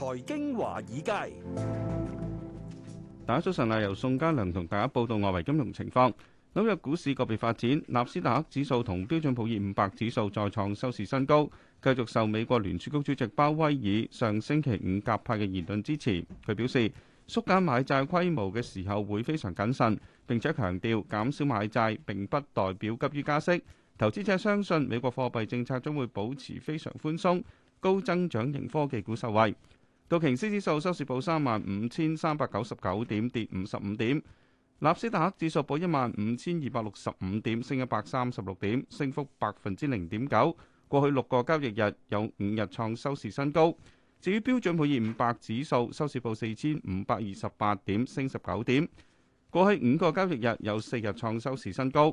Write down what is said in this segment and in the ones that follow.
財經華爾街，大家早晨啊！由宋家良同大家報道外圍金融情況。紐約股市個別發展，納斯達克指數同標準普爾五百指數再創收市新高，繼續受美國聯儲局主席鮑威爾上星期五鴿派嘅言論支持。佢表示縮減買債規模嘅時候會非常謹慎，並且強調減少買債並不代表急於加息。投資者相信美國貨幣政策將會保持非常寬鬆，高增長型科技股受惠。道瓊斯指數收市報三萬五千三百九十九點，跌五十五點。納斯達克指數報一萬五千二百六十五點，升一百三十六點，升幅百分之零點九。過去六個交易日有五日創收市新高。至於標準普爾五百指數收市報四千五百二十八點，升十九點。過去五個交易日有四日創收市新高。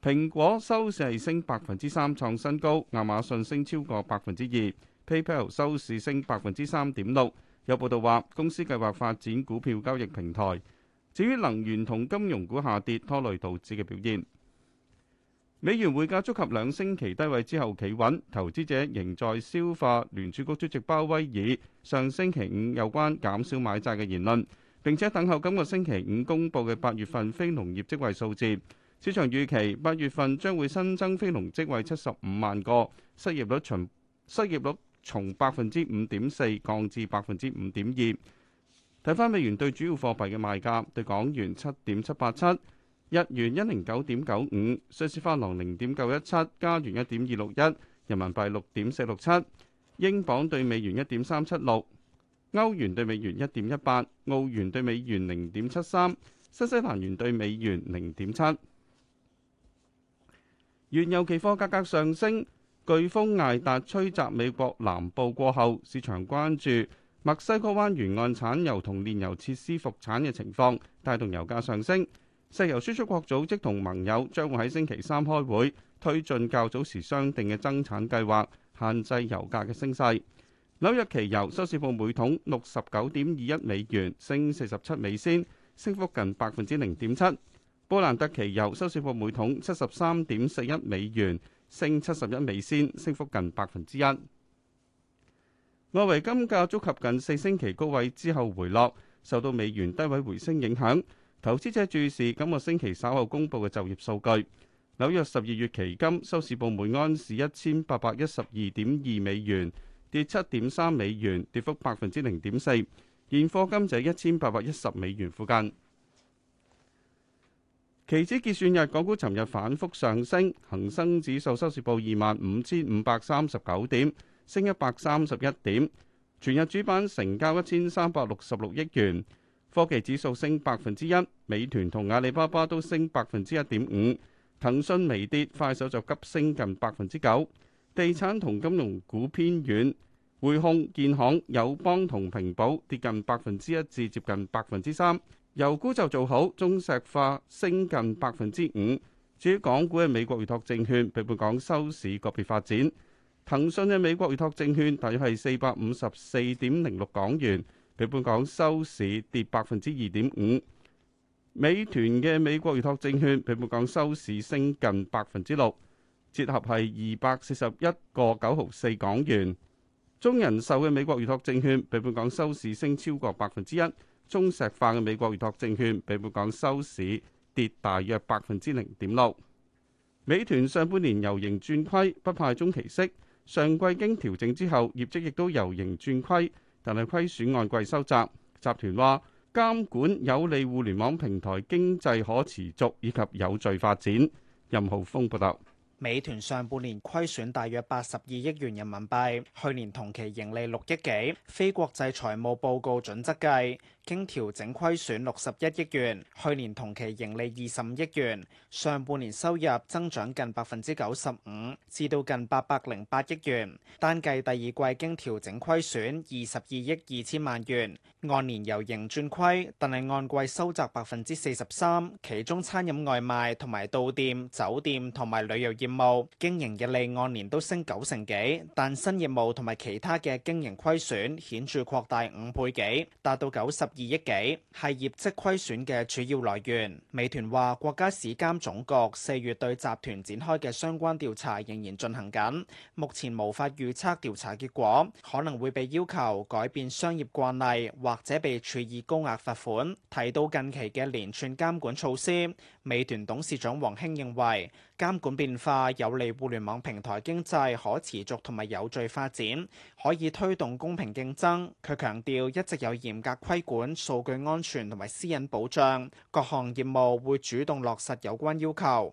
蘋果收市升百分之三創新高，亞馬遜升超過百分之二。PayPal 收市升百分之三點六，有報道話公司計劃發展股票交易平台。至於能源同金融股下跌拖累導致嘅表現。美元匯價觸及兩星期低位之後企穩，投資者仍在消化聯儲局主席鮑威爾上星期五有關減少買債嘅言論，並且等候今個星期五公布嘅八月份非農業職位數字。市場預期八月份將會新增非農職位七十五萬個，失業率循失業率。從百分之五點四降至百分之五點二。睇返美元兌主要貨幣嘅賣價，兌港元七點七八七，日元一零九點九五，瑞士法郎零點九一七，加元一點二六一，人民幣六點四六七，英鎊兌美元一點三七六，歐元兌美元一點一八，澳元兌美元零點七三，新西蘭元兌美元零點七。原油期貨價格上升。颶風艾達吹襲美國南部過後，市場關注墨西哥灣沿岸產油同煉油設施復產嘅情況，帶動油價上升。石油輸出國組織同盟友將會喺星期三開會，推進較早時商定嘅增產計劃，限制油價嘅升勢。紐約期油收市報每桶六十九點二一美元，升四十七美仙，升幅近百分之零點七。布蘭特期油收市報每桶七十三點四一美元。升七十一美仙，升幅近百分之一。外圍金價觸及近四星期高位之後回落，受到美元低位回升影響。投資者注視今個星期稍後公佈嘅就業數據。紐約十二月期金收市報每安士一千八百一十二點二美元，跌七點三美元，跌幅百分之零點四。現貨金就喺一千八百一十美元附近。期指結算日，港股尋日反覆上升，恒生指數收市報二萬五千五百三十九點，升一百三十一點。全日主板成交一千三百六十六億元，科技指數升百分之一，美團同阿里巴巴都升百分之一點五，騰訊微跌，快手就急升近百分之九。地產同金融股偏軟，匯控、建行、友邦同平保跌近百分之一至接近百分之三。油股就做好，中石化升近百分之五。至於港股嘅美國預託證券，比本港收市個別發展。騰訊嘅美國預託證券，大約係四百五十四點零六港元，比本港收市跌百分之二點五。美團嘅美國預託證券，比本港收市升近百分之六，折合係二百四十一個九毫四港元。中人壽嘅美國預託證券，比本港收市升超過百分之一。中石化嘅美國預託證券比報港收市跌大約百分之零點六。美團上半年由盈轉虧，不派中期息。上季經調整之後，業績亦都由盈轉虧，但係虧損按季收窄。集團話監管有利互聯網平台經濟可持續以及有序發展。任浩峰報道，美團上半年虧損大約八十二億元人民幣，去年同期盈利六億幾。非國際財務報告準則計。經調整虧損六十一億元，去年同期盈利二十五億元，上半年收入增長近百分之九十五，至到近八百零八億元。單計第二季經調整虧損二十二億二千萬元，按年由盈轉虧，但係按季收窄百分之四十三。其中餐飲外賣同埋到店酒店同埋旅遊業務經營溢利按年都升九成幾，但新業務同埋其他嘅經營虧損顯著擴大五倍幾，達到九十。二億幾係業績虧損嘅主要來源。美團話，國家市監總局四月對集團展開嘅相關調查仍然進行緊，目前無法預測調查結果，可能會被要求改變商業慣例，或者被處以高額罰款。提到近期嘅連串監管措施。美團董事長王興認為，監管變化有利互聯網平台經濟可持續同埋有序發展，可以推動公平競爭。佢強調一直有嚴格規管數據安全同埋私隱保障，各項業務會主動落實有關要求。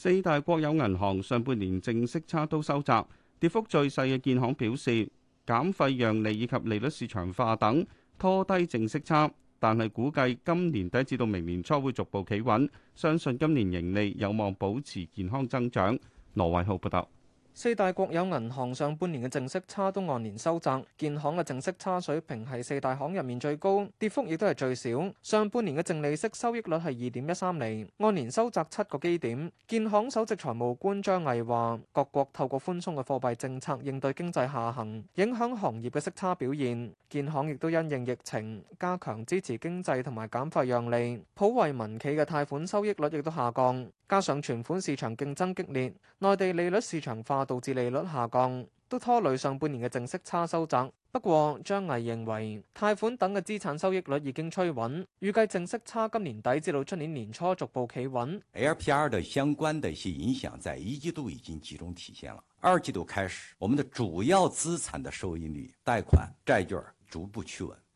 四大國有銀行上半年淨息差都收窄，跌幅最細嘅建行表示，減費讓利以及利率市場化等拖低淨息差，但係估計今年底至到明年初會逐步企穩，相信今年盈利有望保持健康增長。羅偉浩報道。四大國有銀行上半年嘅淨息差都按年收窄，建行嘅淨息差水平係四大行入面最高，跌幅亦都係最少。上半年嘅淨利息收益率係二點一三厘，按年收窄七個基點。建行首席財務官張毅話，各國透過寬鬆嘅貨幣政策應對經濟下行，影響行業嘅息差表現。建行亦都因應疫情加強支持經濟同埋減費讓利，普惠民企嘅貸款收益率亦都下降。加上存款市場競爭激烈，內地利率市場化導致利率下降，都拖累上半年嘅淨息差收窄。不過張毅認為，貸款等嘅資產收益率已經趨穩，預計淨息差今年底至到出年年初逐步企穩。LPR 的相關的一些影響在一季度已經集中體現了，二季度開始，我們的主要資產的收益率，貸款、債券逐步趨穩。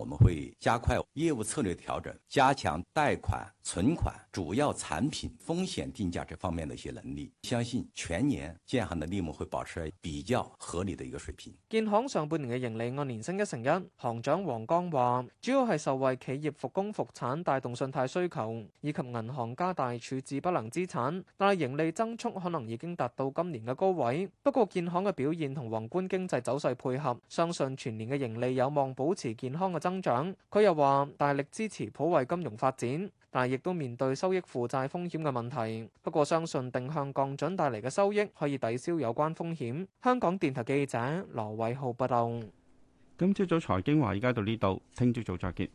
我們會加快業務策略調整，加強貸款、存款主要產品風險定價這方面的一些能力。相信全年建行的利潤會保持比較合理的一個水平。建行上半年嘅盈利按年升一成一，行長黃剛話，主要係受為企業復工復產帶動信貸需求，以及銀行加大處置不良資產，但係盈利增速可能已經達到今年嘅高位。不過建行嘅表現同宏觀經濟走勢配合，相信全年嘅盈利有望保持健康嘅增。增長，佢又話大力支持普惠金融發展，但係亦都面對收益負債風險嘅問題。不過相信定向降準帶嚟嘅收益可以抵消有關風險。香港電台記者羅偉浩報道。今朝早財經話，而家到呢度，聽朝早再見。